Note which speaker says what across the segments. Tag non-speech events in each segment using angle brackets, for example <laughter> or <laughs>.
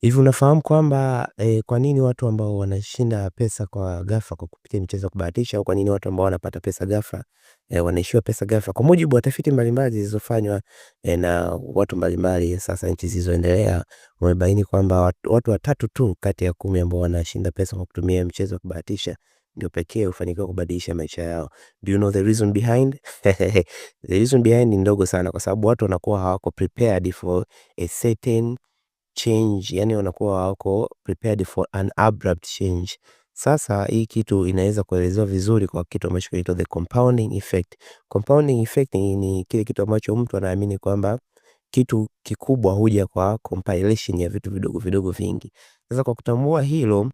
Speaker 1: Hivi unafahamu kwamba e, kwa nini watu ambao wanashinda pesa kwa ghafla kwa kupitia michezo ya kubahatisha au kwa nini watu ambao wanapata pesa ghafla e, wanaishiwa pesa ghafla? Kwa mujibu wa tafiti mbalimbali zilizofanywa e, na watu mbalimbali, sasa nchi zilizoendelea wamebaini kwamba watu, watu watatu tu kati ya kumi ambao wanashinda pesa kwa kutumia michezo ya kubahatisha ndio pekee hufanikiwa kubadilisha maisha yao. Do you know the reason behind? <laughs> The reason behind ni ndogo sana, kwa sababu watu wanakuwa hawako prepared for a certain change yani wanakuwa wako prepared for an abrupt change. Sasa hii kitu inaweza kuelezewa vizuri kwa kitu ambacho kinaitwa the compounding effect. Compounding effect ni kile kitu ambacho mtu anaamini kwamba kitu kikubwa huja kwa compilation ya vitu vidogo vidogo vingi. Sasa kwa kutambua hilo,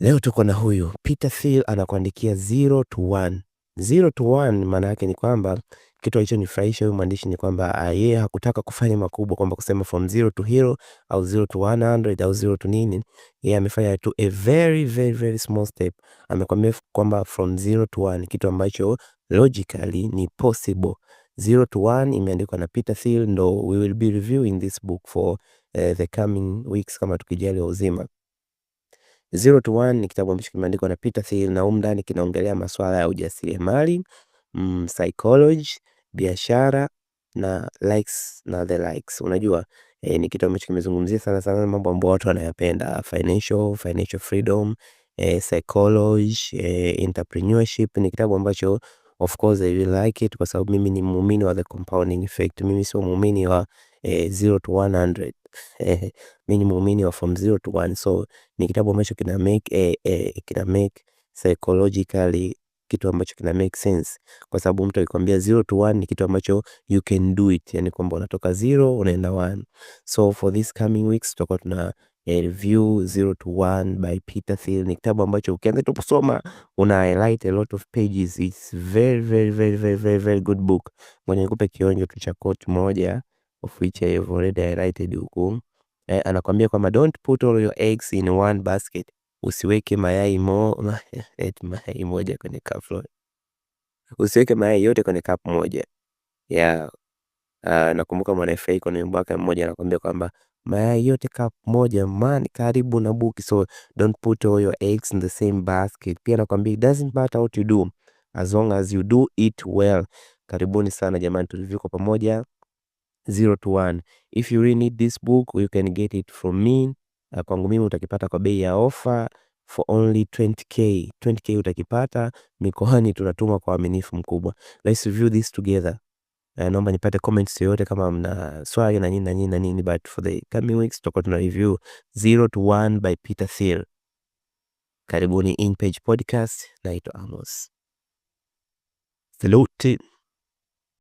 Speaker 1: leo tuko na huyu Peter Thiel anakuandikia 0 to one zero to one maana yake ni kwamba kitu alichonifurahisha huyu mwandishi ni kwamba uh, yeye hakutaka kufanya makubwa, kwamba kusema from zero to hero au zero to 100 au zero to nini. Yeye amefanya tu a very very very small step, amekwambia kwamba from zero to one, kitu ambacho logically ni possible. Zero to one imeandikwa na Peter Thiel, ndo we will be reviewing this book for uh, the coming weeks kama tukijali uzima. Zero to One ni kitabu ambacho kimeandikwa na Peter Thiel na humu ndani kinaongelea masuala ya ujasiriamali, mm, psychology, biashara na likes na the likes. Unajua eh, ni kitabu ambacho kimezungumzia sana sana mambo ambayo watu wanayapenda financial, financial freedom, eh, psychology, eh, entrepreneurship ni kitabu ambacho of course I will like it kwa sababu mimi ni muumini wa the compounding effect. Mimi sio muumini wa eh, zero to 100 mi ni muumini wa form zero to one so ni kitabu ambacho kina make eh, eh, kina make psychologically kitu ambacho kina make sense kwa sababu mtu akikwambia zero to one ni kitu ambacho you can do it, yani kwamba unatoka zero unaenda one. So for this coming weeks tutakuwa tuna eh, review zero to one by Peter Thiel. Ni kitabu ambacho ukianza tu kusoma una highlight a lot of pages. It's very very very very very very good book. Ngoja nikupe kionjo tu cha quote moja of which I have already highlighted huku eh, anakwambia kwamba don't put all your eggs in one basket, usiweke mayai mo <laughs> mayai moja kwenye cup kapu, usiweke mayai yote kwenye cup moja ya yeah. Uh, nakumbuka mwana FA kwenye mwaka mmoja anakwambia kwamba mayai yote cup moja man karibu na buki, so don't put all your eggs in the same basket. Pia nakwambia it doesn't matter what you do as long as you do it well. Karibuni sana jamani, tulivyokuwa pamoja zero to one. If you really need this book you can get it from me. Uh, kwangu mimi utakipata kwa bei ya ofa for only 20k. 20k utakipata mikoani, tunatuma kwa uaminifu mkubwa. Let's review this together. Uh, naomba nipate comments yoyote kama mna swali na nini na nini na nini, but for the coming weeks tutakuwa tuna review Zero to One by Peter Thiel. Karibuni InPage Podcast, naitwa Amos. Saluti.